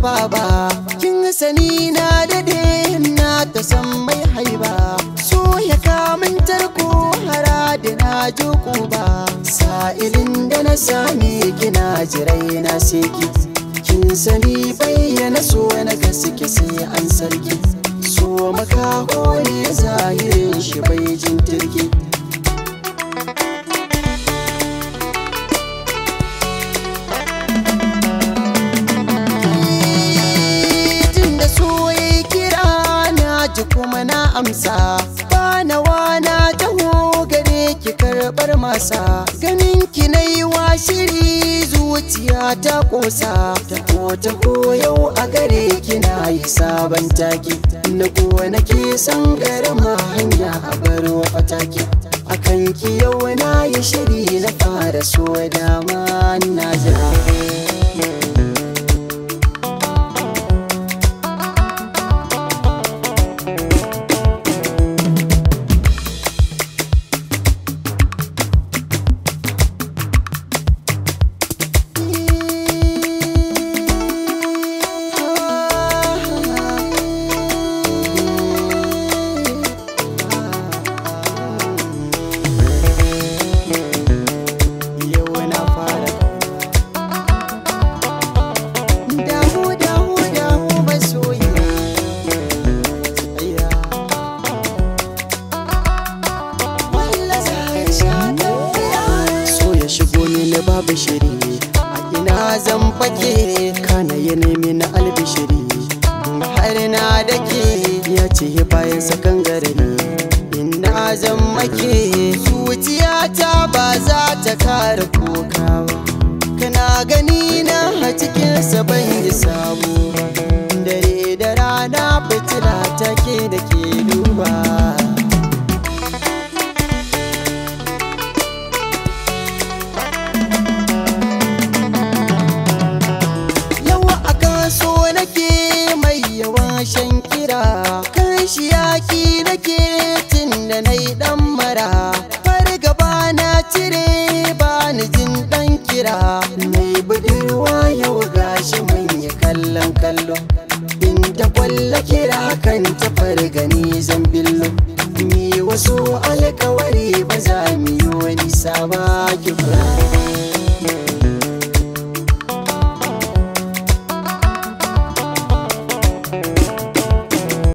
baba kin sani na dade na ta san mai haiba so ya kamun tarko hara da na ji ba sa'ilin da na sami kina jirai na seki kin sani bayyana so na gaske sai an sarki so makaho ne zahirin shi bai jin turki wasa ganin ki na yi wa shiri zuciya ta kosa ta kota ko yau a gare na yi sabon taki na kuwa ke san garama hanya a baro fataki akan ki yau na yi shiri na fara soda. zan fake kana ya nemi na albishiri har na dake ya ce bayan sakan garari ina zan make zuciyata ba za ta kara kokawa kana gani na shan kira kan shi yaki nake tun da na yi dan mara fargaba na cire ba ni jin dan kira mai budurwa yau gashi mun yi kallon kallo inda kwalla kira kan ta fargani zan billo mi wasu alkawari ba za mu yi wani saba